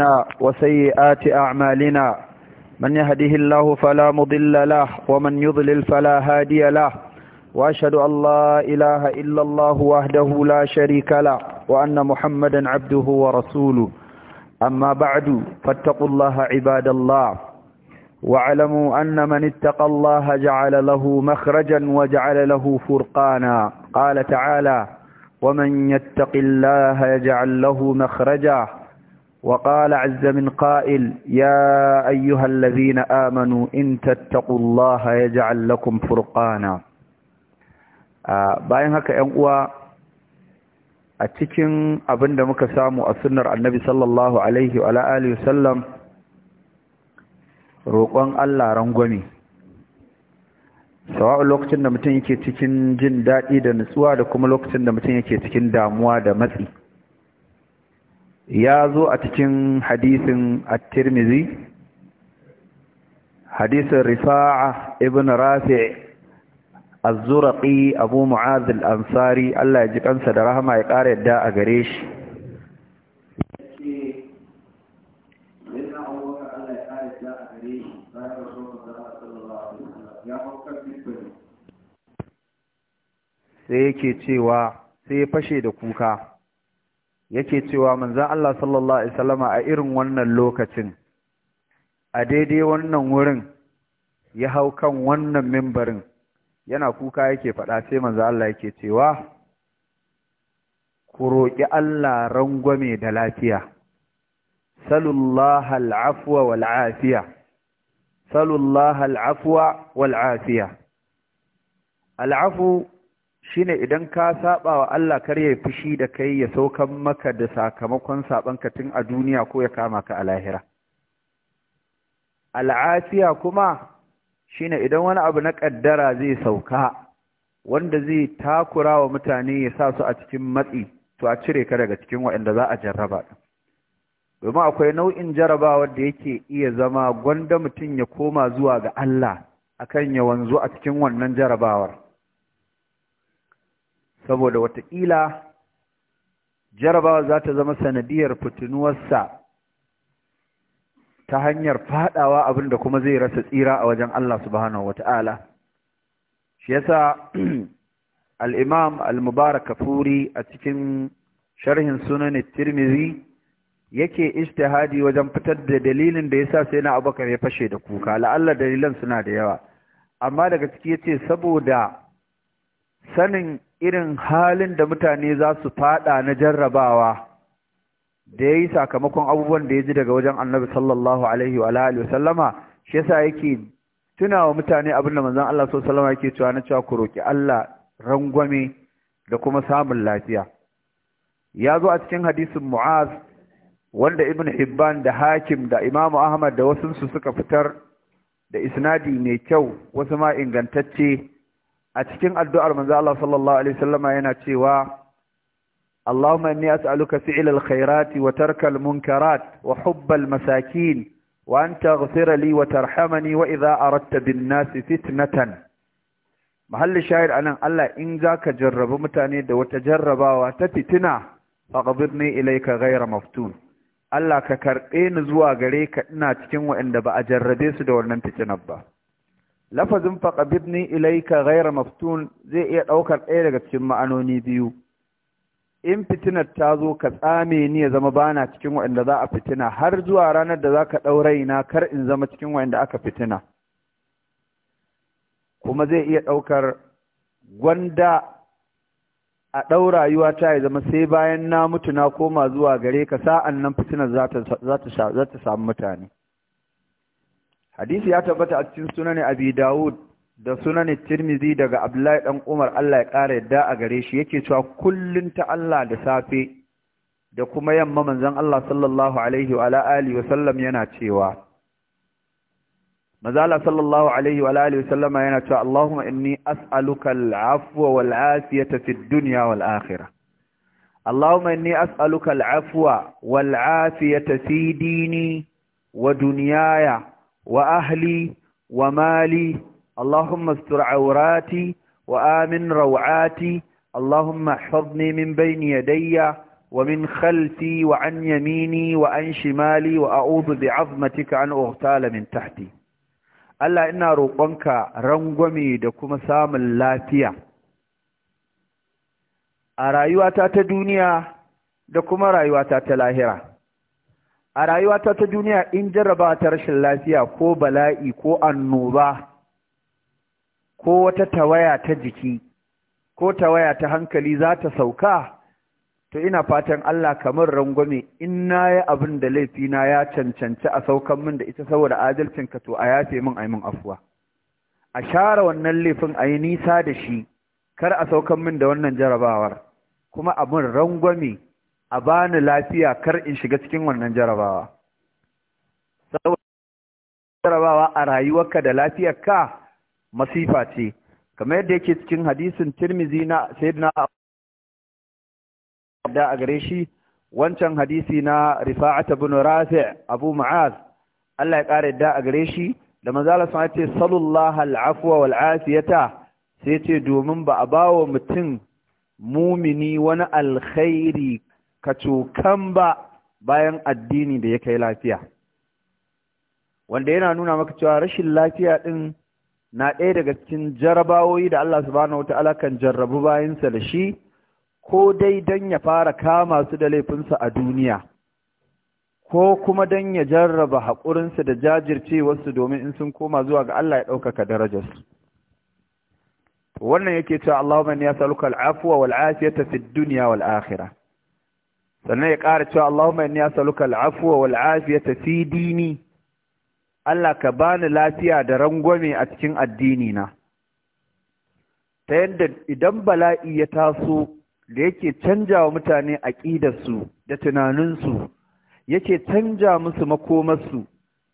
أنفسنا وسيئات أعمالنا من يهده الله فلا مضل له ومن يضلل فلا هادي له وأشهد أن لا إله إلا الله وحده لا شريك له وأن محمدا عبده ورسوله أما بعد فاتقوا الله عباد الله واعلموا أن من اتقى الله جعل له مخرجا وجعل له فرقانا قال تعالى ومن يتق الله يجعل له مخرجا وقال عز من قائل يا أيها الذين آمنوا إن تتقوا الله يجعل لكم فرقانا bayan haka ‘yan uwa a cikin abin da muka samu a sunnar annabi sallallahu alaihi wa alihi sallam roƙon Allah rangwami sawa'u lokacin da mutum yake cikin jin daɗi da nutsuwa da kuma lokacin da mutum yake cikin damuwa da matsi ya zo a cikin hadisin at-tirmizi hadisin rifa'a ibn rafi' az-zurqi abu mu'adh al-ansari Allah ya ji kansa da rahama ya ƙara yadda a gare shi sai yake cewa sai fashe da kuka yake cewa manzan Allah sallallahu Alaihi wasallama a irin wannan lokacin a daidai wannan wurin ya hau kan wannan mimbarin yana kuka yake faɗa sai manzan Allah yake cewa ku roƙi Allah rangwame da lafiya salullah al'afuwa wal'afiya salullah al'afuwa wal'afiya al'afu shine idan ka saba wa Allah kar ya fushi da kai ya saukan maka da sakamakon sabanka tun a duniya ko ya kama ka a lahira al'afiya kuma shine idan wani abu na ƙaddara zai sauka wanda zai takura wa mutane ya sa su a cikin matsi to a cire ka daga cikin waɗanda za a jarraba domin akwai nau'in jarabawar da yake iya zama gwanda mutum ya koma zuwa ga Allah akan ya wanzu a cikin wannan jarabawar saboda wataƙila jarabawa za ta zama sanadiyar fitinuwarsa ta hanyar faɗawa abin da kuma zai rasa tsira a wajen Allah subhanahu Ta'ala, shi yasa al-imam al-mubarak kafuri a cikin sharhin sunan tirmizi yake istihadi wajen fitar da dalilin da yasa sai na abokan ya fashe da kuka la'alla dalilan suna da yawa amma daga ciki ya ce saboda sanin irin halin da mutane za su fada na jarrabawa da ya yi sakamakon abubuwan da ya ji daga wajen annabi sallallahu alaihi wa alihi sallama shi yasa yake tuna wa mutane abin da manzon Allah sallallahu alaihi yake cewa na cewa ku roki Allah rangwame da kuma samun lafiya ya zo a cikin hadisin Mu'az wanda Ibn Hibban da Hakim da Imam Ahmad da wasu su suka fitar da isnadi mai kyau wasu ma ingantacce a cikin addu'ar manzo Allah sallallahu alaihi Sallama yana cewa Allahumma inni as'aluka fi'l al-khairati wa tarkal munkarat wa hubbal masakin wa an taghfir wa tarhamani wa idha aradta bin-nasi fitnatan mahallin shahid anan Allah in zaka jarrabi mutane da wata jarrabawa ta fitina ilai ka gaira maftun Allah ka karɓe ni zuwa gare ka ina cikin waɗanda ba a jarrabe su da wannan fitinar ba lafazin faqabidni ilaika ghayra maftun zai iya ɗaukar ɗaya daga cikin ma'anoni biyu in fitinar ta zo ka tsame ni ya zama bana cikin waɗanda za a fitina har zuwa ranar da za ka ɗaura na kar in zama cikin waɗanda aka fitina kuma zai iya ɗaukar gwanda a ɗau rayuwa ta ya zama sai bayan na mutu na koma zuwa gare ka sa'an nan fitinar za ta samu mutane hadisi ya tabbata a cikin sunan abi dawud da sunan tirmizi daga abdullahi dan umar Allah ya kara yadda a gare shi yake cewa kullun ta Allah da safe da kuma yamma manzon Allah sallallahu alaihi wa alihi wa sallam yana cewa mazala sallallahu alaihi wa alihi wa sallama yana cewa Allahumma inni as'aluka al-afwa wal afiyata fid dunya wal akhirah اللهم إني أسألك العفو والعافية في ديني ودنياي وأهلي ومالي اللهم استر عوراتي وآمن روعاتي اللهم احفظني من بين يدي ومن خلفي وعن يميني وعن شمالي وأعوذ بعظمتك أن أغتال من تحتي Allah ina roƙonka rangwame da kuma samun lafiya a rayuwata ta duniya da kuma rayuwata ta lahira. a rayuwata ta duniya in jarraba ta rashin lafiya ko bala'i ko annoba ko wata tawaya ta jiki ko tawaya ta hankali za ta sauka to ina fatan Allah kamar rangwame in na yi abin da laifina ya cancanci a saukan min da ita saboda adalcinka to a yafe min a min afuwa a share wannan laifin a yi nisa da shi kar a saukan min da wannan jarabawar kuma abin rangwame a ni lafiya kar in shiga cikin wannan jarabawa saboda jarabawa a rayuwarka da ka masifa ce kamar yadda yake cikin hadisin tirmizi na sayyidina da a gare shi wancan hadisi na rifa'ata ibn rafi' abu ma'az Allah ya ƙara yadda a gare shi da manzo Allah sun ce salullah al'afuwa wal'afiyata afiyata sai ce domin ba a ba wa mutum mumini wani alkhairi ka cokan ba bayan addini da ya kai lafiya wanda yana nuna maka cewa rashin lafiya ɗin na ɗaya daga cikin jarabawoyi da Allah subhanahu wata'ala kan jarrabu bayansa da shi ko dai don ya fara kama su da laifinsa a duniya ko kuma don ya jarraba haƙurinsa da jajircewarsu domin in sun koma zuwa ga Allah ya ɗaukaka darajarsu wannan yake cewa Allahumma ya saluka al'afuwa wal afiyata fid dunya wal akhirah sannan ya ƙara cewa Allahumma inni as'aluka al'afwa wal afiyata fi dini Allah ka bani lafiya da rangwame a cikin addini na ta yadda idan bala'i ya taso da yake canja wa mutane aƙidarsu da tunaninsu yake canja musu makomarsu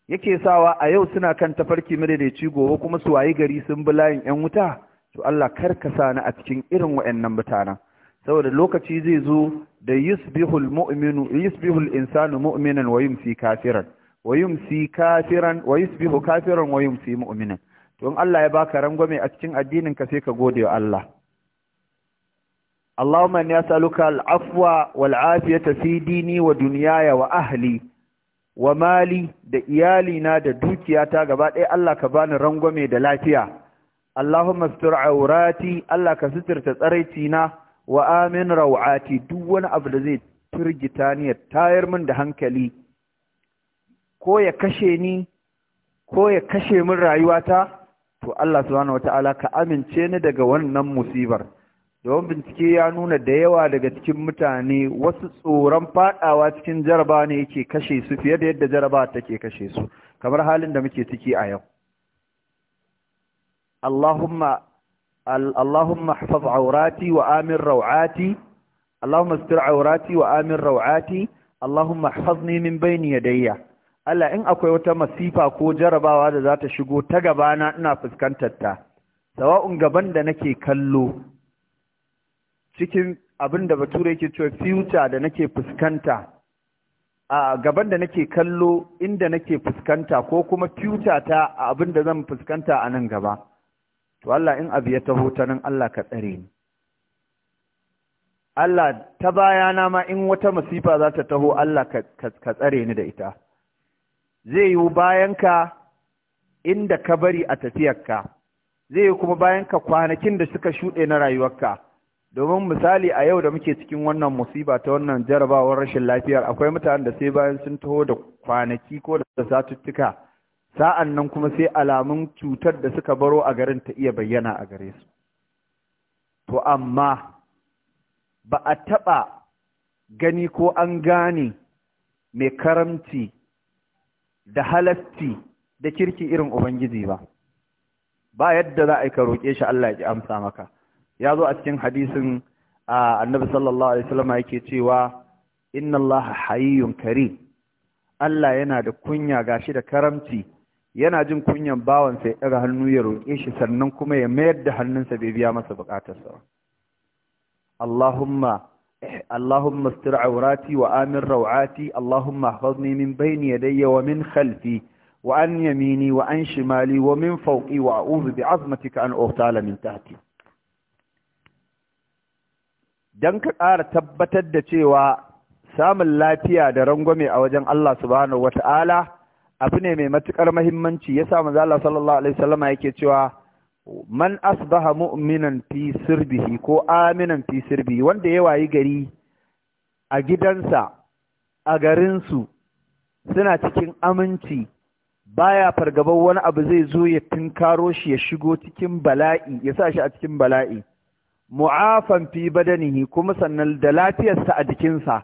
yake sawa a yau suna kan tafarki madaidaici gobe kuma su wayi gari sun bi layin 'yan wuta to Allah kar ka sa ni a cikin irin waɗannan mutanen saboda lokaci zai zo da yusbihul mu'minu yusbihul insanu mu'minan wa yumsi kafiran wa yumsi kafiran wa yusbihu kafiran wa yumsi mu'minan to in Allah ya baka rangwame a cikin addinin ka sai ka gode wa Allah Allahumma inni as'aluka al-afwa wal afiyata fi dini wa dunyaya wa ahli wa mali da iyalina da dukiyata gaba ɗaya Allah ka bani rangwame da lafiya Allahumma astur aurati Allah ka suturta tsaraici na wa amin rawati duk wani abu da zai turgita ni ya tayar min da hankali ko ya kashe ni ko ya kashe min rayuwata to Allah subhanahu wataala ka amince ni daga wannan musibar domin bincike ya nuna da yawa daga cikin mutane wasu tsoron fadawa cikin jaraba ne yake kashe su fiye da yadda jaraba take kashe su kamar halin da muke ciki a yau Allahumma اللهم احفظ عوراتي وآمن روعاتي اللهم استر عوراتي وآمن روعاتي اللهم احفظني من بين يدي Allah in akwai wata masifa ko jarabawa da za ta shigo ta gabana ina fuskantar ta sawa'un gaban da nake kallo cikin abin da bature yake cewa future da nake fuskanta a gaban da nake kallo inda nake fuskanta ko kuma future ta abin da zan fuskanta a nan gaba to Allah in abu ya taho ta nan Allah ka tsare ni Allah ta bayana ma in wata masifa za ta taho Allah ka tsare ni da ita zai yi bayanka inda ka bari a tafiyarka zai yi kuma bayanka kwanakin da suka shuɗe na rayuwarka domin misali a yau da muke cikin wannan musiba ta wannan jarabawar rashin lafiyar akwai mutanen da sai bayan sun taho da kwanaki ko da satuttuka sa'an nan kuma sai alamun cutar da suka baro a garin ta iya bayyana a gare su to amma ba a taɓa gani ko an gane mai karamci da halasti da kirki irin Ubangiji ba, ba yadda za a yi ka roƙe shi Allah ya ƙi amsa maka. Ya zo a cikin hadisin annabi sallallahu Alaihi wasallam yake cewa, Inna Allah hayyun kare, Allah yana da kunya gashi da karamci yana jin kunyan bawansa ya ɗaga hannu ya roƙe shi sannan kuma ya mayar da hannunsa bai biya masa buƙatarsa Allahumma eh, Allahumma astir aurati wa amin rawati Allahumma ne min bayni yadayya wa min khalfi wa an yamini wa an shimali wa min fawqi wa a'udhu ka an uhtala min tahti dan ka ƙara tabbatar da cewa samun lafiya da rangwame a wajen Allah subhanahu wata'ala abu ne mai matuƙar mahimmanci Ya sa Allah sallallahu alaihi wasallama yake cewa man asbaha mu'minan fi sirbihi ko aminan fi sirbihi wanda ya wayi gari a gidansa a garinsu suna cikin aminci baya fargabar wani abu zai zo ya tunkaro shi ya shigo cikin bala'i ya sa shi a cikin bala'i mu'afan fi badanihi kuma sannan da lafiyarsa a jikinsa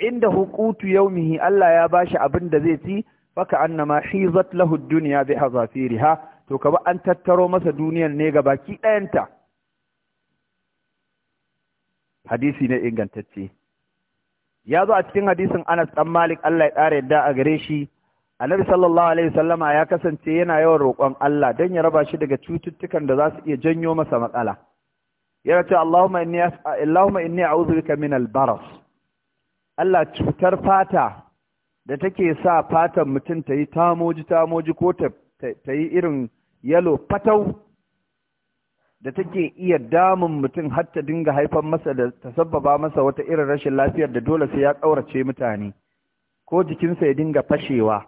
inda hukutu yaumihi Allah ya bashi abin da zai ci faka annama hizat lahu dunya bi hazafiriha to kaba an tattaro masa duniyan ne ga baki ɗayanta hadisi ne ingantacce ya zo a cikin hadisin Anas dan Malik Allah ya ƙara yadda a gare shi Annabi sallallahu alaihi wasallama ya kasance yana yawan roƙon Allah don ya raba shi daga cututtukan da za su iya janyo masa matsala yana ce Allahumma inni Allahumma inni a'udhu bika min al-baras Allah cutar fata da take sa fatan mutum ta yi tamoji tamoji ko ta yi irin yalo fatau da take iya damun mutum har ta dinga haifar masa da ta sabbaba masa wata irin rashin lafiyar da dole sai ya ƙaurace mutane ko jikinsa ya dinga fashewa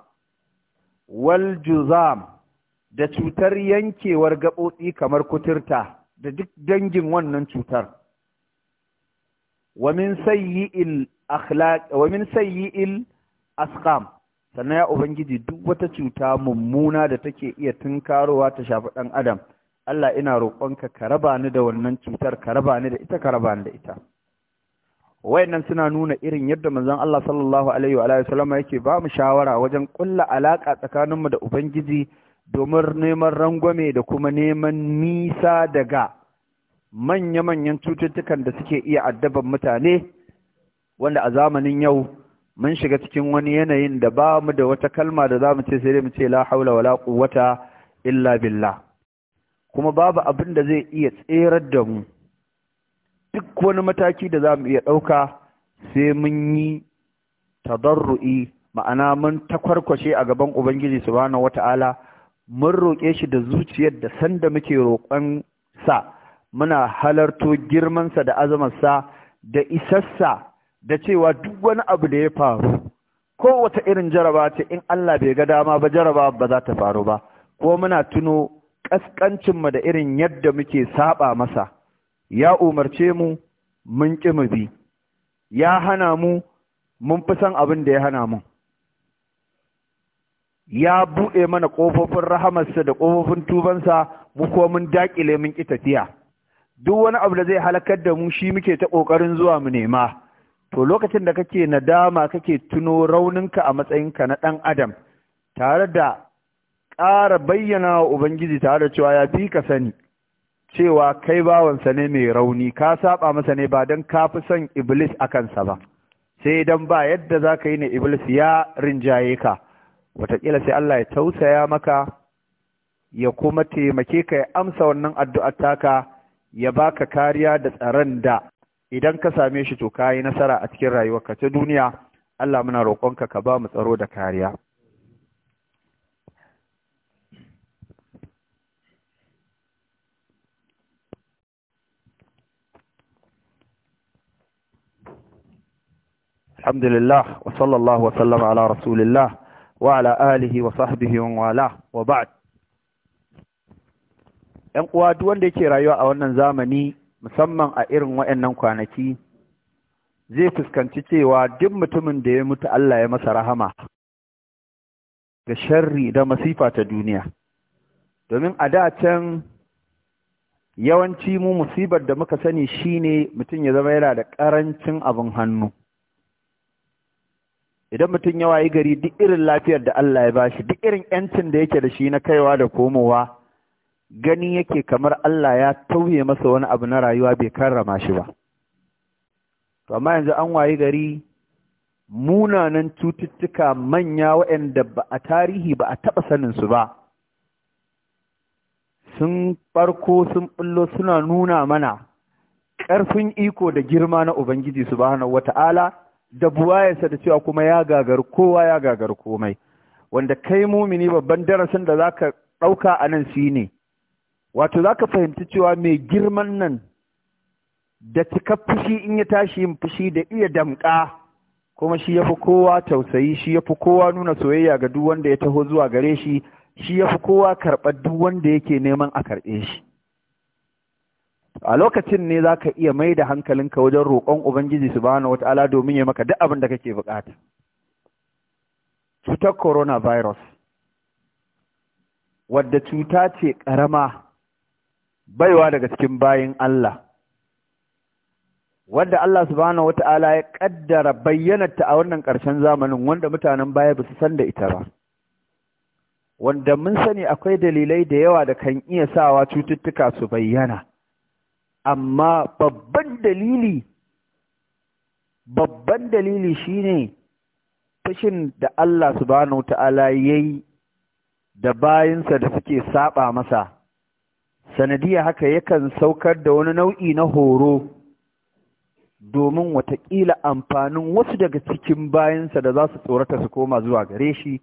wal juzam da cutar yankewar gaɓoɓi kamar kuturta da duk dangin wannan cutar wa min sayyi'il akhlaq wa min sayyi'il asqam sannan ya ubangiji duk wata cuta mummuna da take iya tunkarowa ta shafi dan adam Allah ina roƙonka ka raba ni da wannan cutar ka raba ni da ita ka raba ni da ita wayannan suna nuna irin yadda manzon Allah sallallahu alaihi wa alihi wasallama yake ba mu shawara wajen kulla alaka tsakaninmu da ubangiji domin neman rangwame da kuma neman nisa daga manya-manyan cututtukan da suke iya addaban mutane wanda a zamanin yau mun shiga cikin wani yanayin da ba mu da wata kalma da za mu ce sai dai mu ce la haula wala quwwata illa billah kuma babu abin da zai iya tserar da mu duk wani mataki da za mu iya ɗauka sai mun yi tadarru'i ma'ana mun takwarkwashe a gaban ubangiji subhanahu wata'ala mun roƙe shi da zuciyar da sanda muke roƙon sa muna halarto girmansa da sa da isassa da cewa duk wani abu da ya faru kowace irin jaraba ce in Allah bai ga dama ba jaraba ba za ta faru ba ko muna tuno ƙasƙancinmu da irin yadda muke saba masa ya umarce mu mun ƙi mu bi ya hana mu mun fi san abin da ya hana mu ya buɗe mana ƙofofin rahamarsa da ƙofofin tubansa mu ko mun daƙile mun ƙi tafiya duk wani abu da zai halakar da mu shi muke ta ƙoƙarin zuwa mu nema to lokacin da kake nadama kake tuno rauninka a matsayinka na ɗan adam tare da ƙara bayyana wa ubangiji tare da cewa ya fi ka sani cewa kai bawansa ne mai rauni ka saba masa ne ba don ka fi son iblis a kansa ba sai idan ba yadda za ka yi ne iblis ya rinjaye ka wataƙila sai Allah ya tausaya maka ya kuma taimake ka ya amsa wannan addu'ar taka ya baka kariya da tsaron da idan ka same shi to ka yi nasara a cikin rayuwarka ta duniya Allah muna roƙonka ka ba mu tsaro da kariya alhamdulillah wa sallallahu wa sallama ala rasulillah wa ala alihi wa sahbihi wa wala wa ba'd yan uwa duk wanda yake rayuwa a wannan zamani musamman a irin waɗannan kwanaki zai fuskanci cewa duk mutumin da ya mutu Allah ya masa rahama ga sharri da masifa ta duniya domin a da can yawanci mu musibar da muka sani shine mutum ya zama yana da ƙarancin abin hannu idan mutum yawa yi gari duk irin lafiyar da Allah ya bashi duk irin yancin da yake da shi na kaiwa da komowa gani yake kamar Allah ya tauye masa wani abu na rayuwa bai karrama shi ba to amma yanzu an wayi gari munanan cututtuka manya waɗanda ba a tarihi ba a taɓa sanin su ba sun farko sun bullo suna nuna mana ƙarfin iko da girma na Ubangiji subhanahu wata'ala da buwayensa da cewa kuma ya gagar kowa ya gagar komai wanda kai mumini babban darasin da za ka ɗauka a nan shi ne wato za ka fahimci cewa mai girman nan da cika fushi in ya tashi yin fushi da iya damƙa kuma shi ya fi kowa tausayi shi ya fi kowa nuna soyayya ga duk wanda ya taho zuwa gare shi shi ya fi kowa karɓar duk wanda yake neman a karɓe shi a lokacin ne za ka iya mai da hankalinka wajen roƙon ubangiji su bana wata'ala domin ya maka duk abin da kake buƙata cutar coronavirus wadda cuta ce ƙarama baiwa daga cikin bayin Allah wanda Allah subhanahu ta'ala ya kaddara bayyanarta a wannan ƙarshen zamanin wanda mutanen baya ba su san da ita ba wanda mun sani akwai dalilai da yawa da kan iya sawa cututtuka su bayyana amma babban dalili babban dalili shine fushin da Allah subhanahu ya yi da bayinsa da suke saba masa sanadiyya haka yakan saukar da wani nau'i na horo domin watakila amfanin wasu daga cikin bayansa da za su tsorata su koma zuwa gare shi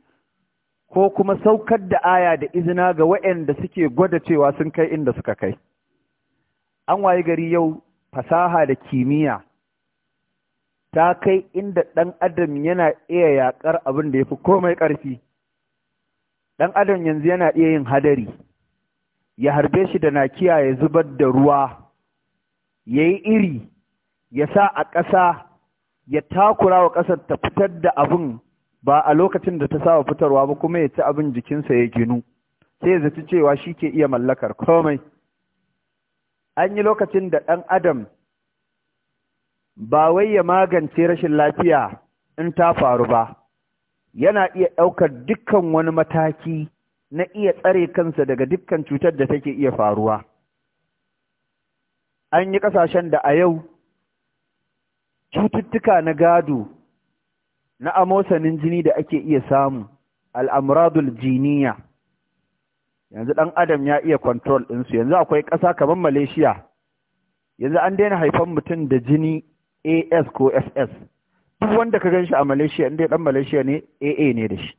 ko kuma saukar da aya da izina ga waɗanda suke gwada cewa sun kai inda suka kai an wayi gari yau fasaha da kimiyya ta kai inda ɗan adam yana iya yaƙar abin da ya fi komai ƙarfi ɗan adam yanzu yana iya yin hadari ya harbe shi da nakiya ya zubar da ruwa ya yi iri ya sa a ƙasa ya takura wa ƙasar ta fitar da abin ba a lokacin da ta sawa fitarwa ba kuma ya ci abin jikinsa ya ginu sai ya zaci cewa shi ke iya mallakar komai an yi lokacin da ɗan adam ba wai ya magance rashin lafiya in ta faru ba yana iya ɗaukar dukkan wani mataki na iya tsare kansa daga dukkan cutar da take iya faruwa an yi ƙasashen da a yau cututtuka na gado na amosanin jini da ake iya samu al'amradul jiniya yanzu ɗan adam ya iya kontrol ɗinsu yanzu akwai ƙasa kamar malaysia yanzu an daina haifan mutum da jini as ko fs duk wanda ka gan shi a malaysia inda ɗan malaysia ne aa ne da shi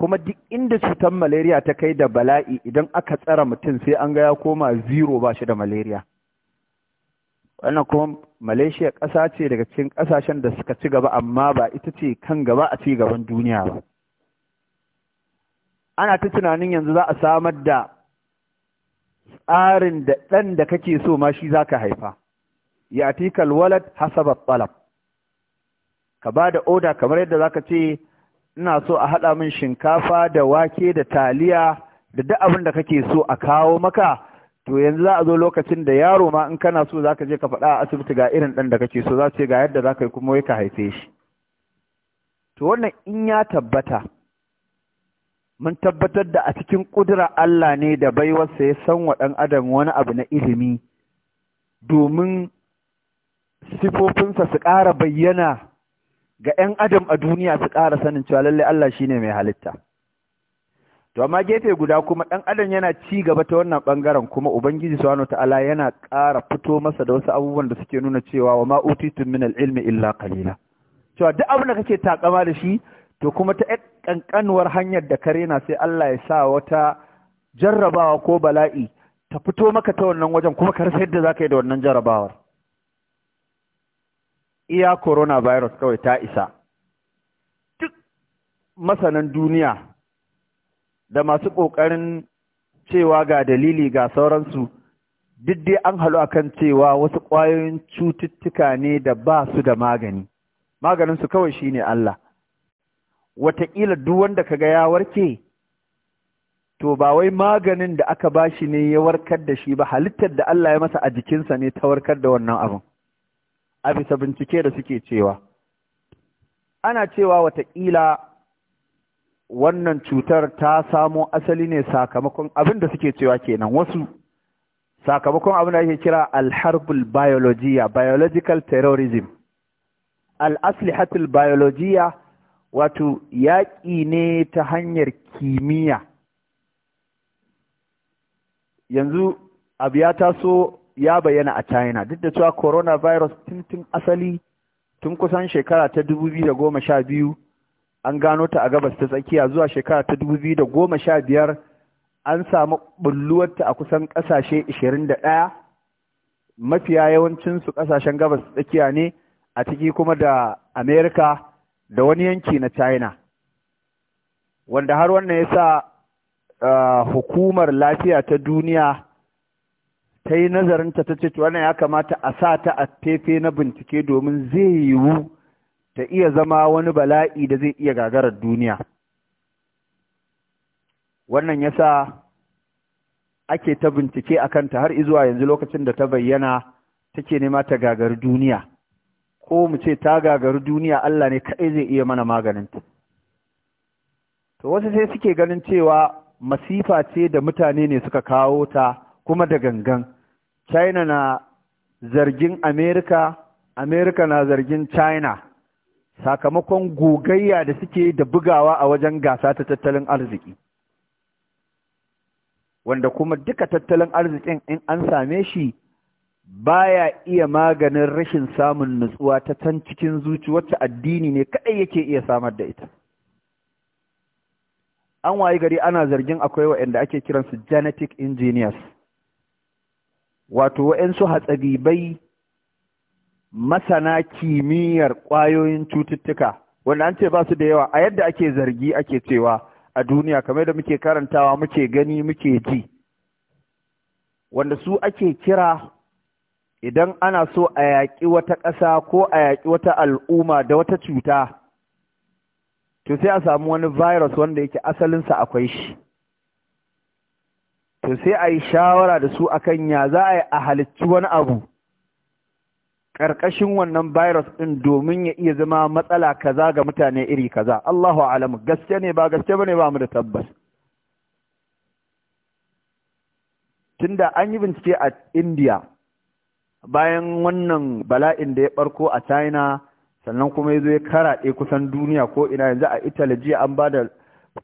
kuma duk inda cutar malaria ta kai da bala'i idan aka tsara mutum sai an ga ya koma zero ba shi da malaria wannan kuma malaysia ƙasa ce daga cikin ƙasashen da suka ci gaba amma ba ita ce kan gaba a ci gaban duniya ba ana ta tunanin yanzu za a samar da tsarin da ɗan da kake so ma shi za ka haifa ya tikal walad hasabat ka ba da oda kamar yadda za ka ce ina so a haɗa min shinkafa da wake da taliya da duk abin da kake so a kawo maka to yanzu za a zo lokacin da yaro ma in kana so za ka je ka faɗa a asibiti ga irin ɗan da kake so za ce ga yadda za ka yi kuma wai ka haife shi to wannan in ya tabbata mun tabbatar da a cikin ƙudura Allah ne da baiwarsa ya san wa ɗan adam wani abu na ilimi domin sifofinsa su ƙara bayyana ga 'yan adam a duniya su ƙara sanin cewa lallai Allah shi ne mai halitta to amma gefe guda kuma ɗan adam yana ci gaba ta wannan ɓangaren kuma ubangiji subhanahu ta'ala yana ƙara fito masa da wasu abubuwan da suke nuna cewa wa ma’utitun min al’ilmi illa kalila cewa duk abin da kake takama da shi to kuma ta ƙanƙanwar hanyar da kare na sai Allah ya sa wata jarrabawa ko bala'i ta fito maka ta wannan wajen kuma ka rasa yadda zaka yi da wannan jarrabawar iya coronavirus kawai ta isa duk masanan duniya da masu ƙoƙarin cewa ga dalili ga sauransu duk dai an halu akan cewa wasu ƙwayoyin cututtuka ne da ba su da magani maganinsu kawai shi ne Allah wataƙila duk wanda kaga ya warke to ba wai maganin da aka bashi ne ya warkar da shi ba halittar da Allah ya masa a jikinsa ne ta warkar da wannan abin a bisa bincike da suke cewa ana cewa wataƙila wannan cutar ta samo asali ne sakamakon abin da suke cewa kenan wasu sakamakon abin da ake kira alharbul biologiya biological terrorism al'aslihatul biologiya wato yaƙi ne ta hanyar kimiyya yanzu abu ya taso ya bayyana a China duk da cewa coronavirus tun tun asali tun kusan shekara ta 2012 an gano ta a gabas ta tsakiya zuwa shekara ta 2015 an samu bulluwarta a kusan kasashe 21 mafiya yawancinsu kasashen gabas ta tsakiya ne a ciki kuma da America da wani yanki na China wanda har wannan ya sa uh, hukumar lafiya ta duniya ta yi nazarinta ta ce wannan ya kamata a sa ta a tefe na bincike domin zai yiwu ta iya zama wani bala'i da zai iya gagarar duniya wannan ya sa ake ta bincike a kanta har izuwa yanzu lokacin da ta bayyana take nema ta gagari duniya ko mu ce ta gagari duniya Allah ne kaɗai zai iya mana maganinta to wasu sai suke ganin cewa masifa ce da mutane ne suka kawo ta kuma da gangan china na zargin Amerika, Amerika na zargin china sakamakon gogayya da suke da bugawa a wajen gasa ta tattalin arziki wanda kuma duka tattalin arzikin in an same shi baya iya maganin rashin samun nutsuwa ta can cikin zuci wacce addini ne kaɗai yake iya samar da ita an wayi gari ana zargin akwai waɗanda ake kiransu genetic engineers wato wa'yansu hatsadibai masana kimiyyar ƙwayoyin cututtuka wanda an ce ba su da yawa a yadda ake zargi ake cewa a duniya kamar da muke karantawa muke gani muke ji wanda su ake kira idan ana so a yaƙi wata ƙasa ko a yaƙi wata al'umma da wata cuta to sai a samu wani virus wanda yake asalinsa akwai shi to sai a yi shawara da su akan ya za a yi a halicci wani abu ƙarƙashin wannan virus ɗin domin ya iya zama matsala kaza ga mutane iri kaza Allahu alamu gaske ne ba gaske bane ba mu da tabbas tunda an yi bincike a India bayan wannan bala'in da ya barko a China sannan kuma ya zo ya karaɗe kusan duniya ko ina yanzu a Italy jiya an ba da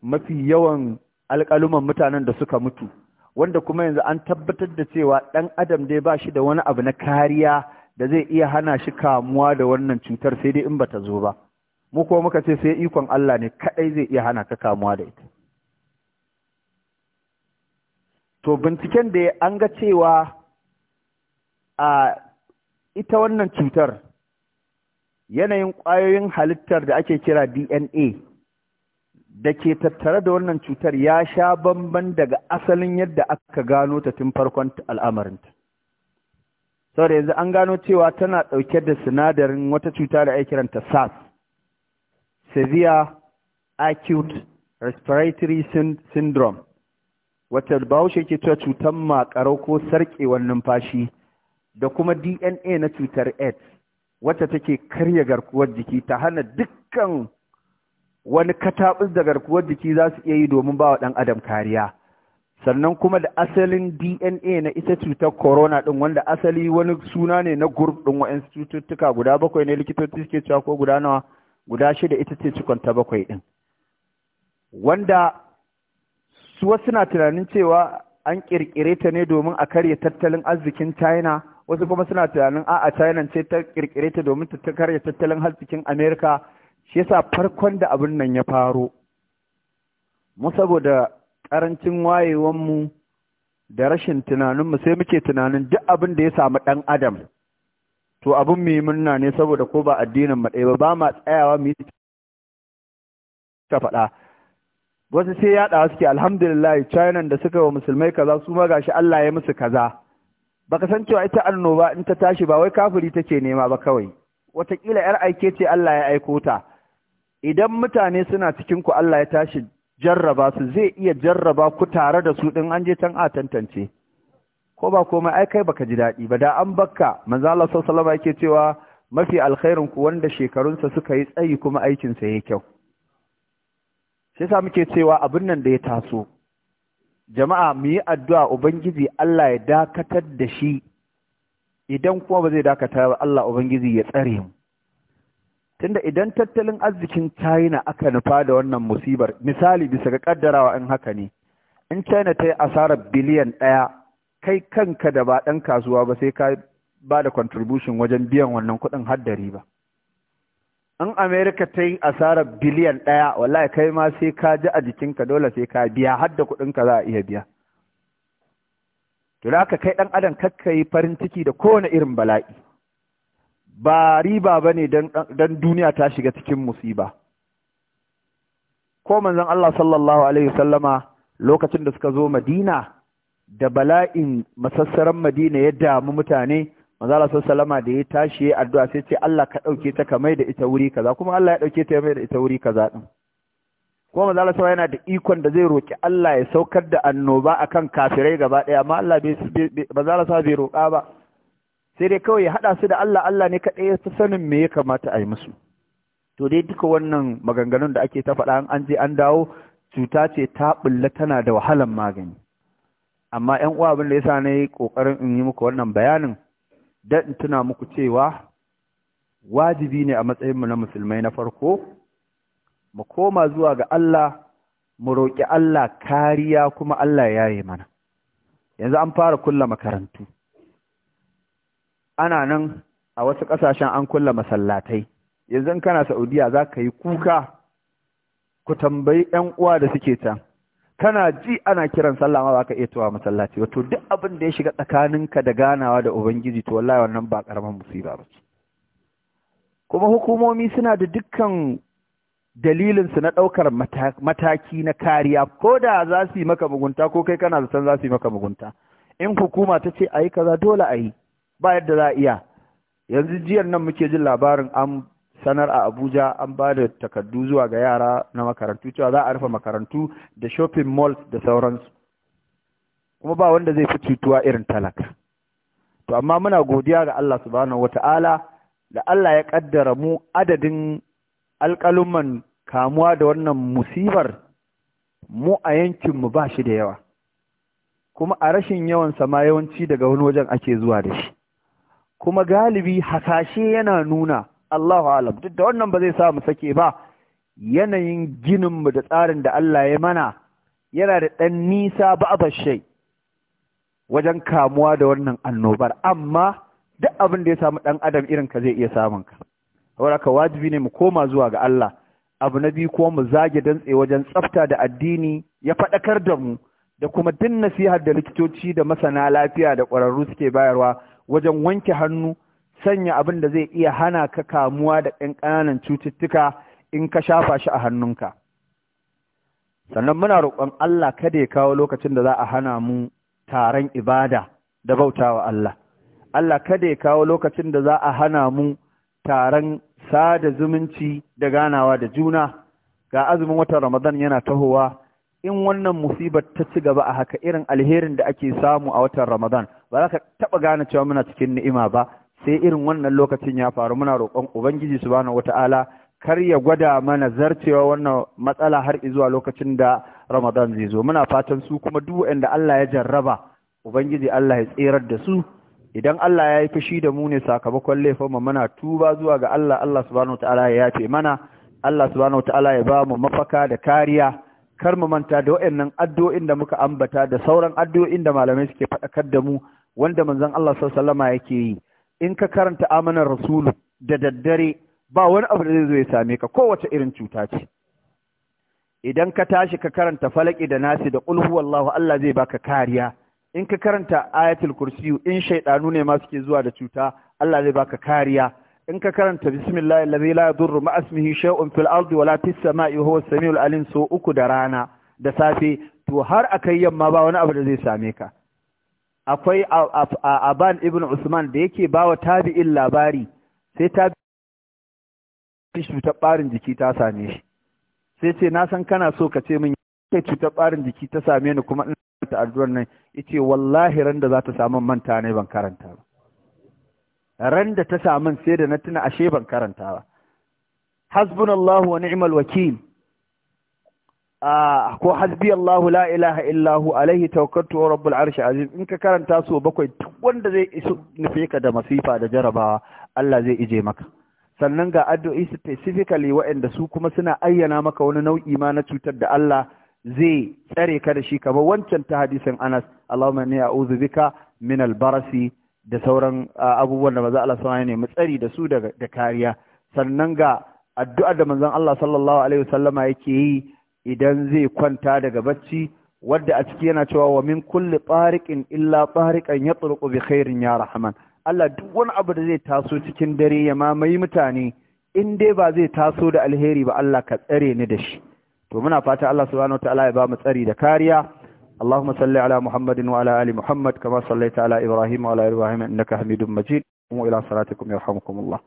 mafi yawan alƙaluman mutanen da suka mutu wanda kuma yanzu an tabbatar da cewa ɗan adam dai ba shi da wani abu na kariya da zai iya hana shi kamuwa da wannan cutar sai dai in ba ta zo ba mu kuma muka ce sai ikon Allah ne kaɗai zai iya hana ka kamuwa da ita to binciken da an ga cewa a ita wannan cutar yanayin ƙwayoyin halittar da ake kira DNA da ke tattare da wannan cutar ya sha bamban daga asalin yadda aka gano ta tun farkon al'amarinta. Saboda yanzu an gano cewa tana ɗauke da sinadarin wata cuta da ake ranta SARS, Severe Acute Respiratory Syndrome, wata bahaushe ke cewa cutar makaro ko sarƙewar numfashi da kuma DNA na cutar AIDS, wacce take karya garkuwar jiki ta hana dukkan wani kataɓus da garkuwar jiki za su iya yi domin ba wa ɗan adam kariya sannan kuma da asalin dna na ita cutar corona ɗin wanda asali wani suna ne na gurb ɗin wa'yansu cututtuka guda bakwai ne likitoci suke cewa ko guda nawa guda shida ita ce cikon ta bakwai ɗin wanda su wasu na tunanin cewa an ƙirƙire ta ne domin a karya tattalin arzikin china wasu kuma suna tunanin a'a china ce ta ƙirƙire ta domin ta karya tattalin arzikin america shi yasa farkon da abin nan ya faro mu saboda ƙarancin wayewanmu da rashin tunaninmu sai muke tunanin duk abin da ya samu ɗan adam to abin mu yi murna ne saboda ko ba addinin mu ɗaya ba ba ma tsayawa mu yi ta faɗa wasu sai yaɗa suke alhamdulillah china da suka wa musulmai kaza su ma gashi Allah ya musu kaza baka san cewa ita annoba in ta tashi ba wai kafiri take nema ba kawai wataƙila yar aike ce Allah ya aiko ta idan mutane suna cikin ku Allah ya tashi jarraba su zai iya jarraba ku tare da su din an je can a tantance ko ba komai ai kai baka ji daɗi ba da an bakka manzo Allah sallallahu alaihi yake cewa mafi alkhairin ku wanda shekarunsa suka yi tsayi kuma aikin sa yake kyau sai sa muke cewa abin nan da ya taso jama'a mu yi addu'a ubangiji Allah ya dakatar da shi idan kuma ba zai dakata ba Allah ubangiji ya tsare mu tunda idan tattalin arzikin China aka nufa da wannan musibar misali bisa ga kaddarawa in haka ne in China ta yi asarar biliyan ɗaya kai kanka da ba ɗan kasuwa ba sai ka ba da contribution wajen biyan wannan kuɗin har da riba in America ta yi asarar biliyan ɗaya wallahi kai ma sai ka ji a jikinka dole sai ka biya har da kuɗinka za a iya biya to da kai ɗan adam kakka yi farin ciki da kowane irin bala'i ba riba ba ne don duniya ta shiga cikin musiba ko manzan Allah sallallahu alaihi wasallama lokacin da suka zo Madina da bala'in masassaran Madina ya damu mutane manzan Allah sallallahu da ya tashi ya addu'a sai ce Allah ka ɗauke ta ka da ita wuri kaza kuma Allah ya ɗauke ta ya da ita wuri kaza ɗin. ko manzan Allah yana da ikon da zai roki Allah ya saukar da annoba akan kafirai gaba ɗaya. amma Allah bai roƙa bai roka ba sai dai kawai ya haɗa su da Allah Allah ne kaɗai ya sanin me ya kamata a yi musu to dai duka wannan maganganun da ake ta faɗa an je an dawo cuta ce ta ɓulla tana da wahalan magani amma 'yan uwa abin da yasa na yi ƙoƙarin in yi muku wannan bayanin da in tuna muku cewa wajibi ne a matsayinmu na musulmai na farko mu koma zuwa ga Allah mu roƙi Allah kariya kuma Allah ya yi mana yanzu an fara kulla makarantu ana nan a wasu ƙasashen an kulla masallatai yanzu kana Saudiya za ka yi kuka ku tambayi 'yan uwa da suke can kana ji ana kiran sallah ma baka iya tuwa masallaci wato duk abin da ya shiga tsakaninka da ganawa da ubangiji to wallahi wannan ba karaman musiba ba ce kuma hukumomi suna da dukkan dalilin su na ɗaukar mataki na kariya ko da za su yi maka mugunta ko kai kana zaton za su yi maka mugunta in hukuma ta ce a yi kaza dole a yi. ba yadda za iya yanzu jiyar nan muke jin labarin an sanar a abuja an ba da takardu zuwa ga yara na makarantu cewa za a rufe makarantu da shopping malls da sauransu kuma ba wanda zai fi cutuwa irin talaka to amma muna godiya ga allah subhanahu wata'ala da allah ya kaddara mu adadin alƙaluman kamuwa da wannan musibar mu a yankinmu ba shi da yawa kuma a rashin yawan sama yawanci daga wani wajen ake zuwa da shi kuma galibi hasashe yana nuna Allahu alam duk da wannan ba zai sa mu sake ba yanayin ginin mu da tsarin da Allah ya mana yana da ɗan nisa ba abashai wajen kamuwa da wannan annobar amma duk abin da ya samu ɗan adam irin ka zai iya samun ka saboda wajibi ne mu koma zuwa ga Allah abu na biyu kuma mu zage dantse wajen tsafta da addini ya faɗakar da mu da kuma din nasihar da likitoci da masana lafiya da ƙwararru suke bayarwa wajen wanke hannu sanya abin da zai iya hana ka kamuwa da ɗan ƙananan cututtuka in ka shafa shi a hannunka sannan muna roƙon Allah kada ya kawo lokacin da za a hana mu taron ibada da bautawa Allah Allah kada ya kawo lokacin da za a hana mu taron sada zumunci da ganawa da juna ga azumin watan Ramadan yana tahowa in wannan musibar ta ci gaba a haka irin alherin da ake samu a watan Ramadan ba za ka taɓa gane cewa muna cikin ni'ima ba sai irin wannan lokacin ya faru muna roƙon ubangiji bana wata'ala kar ya gwada mana zarcewa wannan matsala har zuwa lokacin da ramadan zai zo muna fatan su kuma duk wanda Allah ya jarraba ubangiji Allah ya tserar da su idan Allah ya yi fushi da mu ne sakamakon laifin mu muna tuba zuwa ga Allah Allah subhanahu wataala ya yafe mana Allah subhanahu wataala ya ba mu mafaka da kariya kar mu manta da waɗannan addu'o'in da muka ambata da sauran addu'o'in da malamai suke faɗakar da mu wanda manzon Allah sallama yake yi in ka karanta amanar rasulu da daddare ba wani abu da zai zo ya same ka kowace irin cuta ce idan ka tashi ka karanta falaki da nasi da qul huwallahu Allah zai baka kariya in ka karanta ayatul kursi in shaydanu ne ma suke zuwa da cuta Allah zai baka kariya in ka karanta bismillahi allazi la yadurru ma ismihi shay'un fil ardi wala fis sama'i huwa samiul alim so uku da rana da safe to har akai yamma ba wani abu da zai same ka akwai a aban ibn usman da yake bawa tabi'in labari sai tabi'in cutar ɓarin jiki ta same shi sai ce na san kana so ka ce min kai cutar ɓarin jiki ta same ni kuma ina ta addu'ar nan yace wallahi ran da za ta samu manta ne ban karanta ba ran da ta samu sai da na tuna ashe ban karanta ba hasbunallahu wa ni'mal wakil Ah, ko hasbi Allahu la ilaha illahu alaihi tawakkaltu wa rabbul arshi azim in ka karanta su bakwai duk wanda zai isu nufe ka da masifa da jarabawa Allah zai ije maka sannan ga addu'i specifically waɗanda su kuma suna ayyana maka wani nau'i ma na cutar da Allah zai tsare ka da shi kamar wancan ta hadisin Anas Allahumma inni a'udhu bika min al-barasi da sauran ah, abubuwan da maza Allah sallallahu alaihi tsari da su da kariya sannan ga addu'a da manzon Allah sallallahu alaihi wasallama yake yi idan zai kwanta daga bacci wadda a ciki yana cewa wa min kulli tariqin illa tariqan yatruqu bi khairin ya rahman Allah duk wani abu da zai taso cikin dare ya mamaye mutane in dai ba zai taso da alheri ba Allah ka tsare ni da shi to muna fata Allah subhanahu wataala ya ba mu tsari da kariya Allahumma salli ala Muhammadin wa ala Muhammad kama sallaita ala Ibrahim wa ala ali Ibrahim innaka Hamidum Majid wa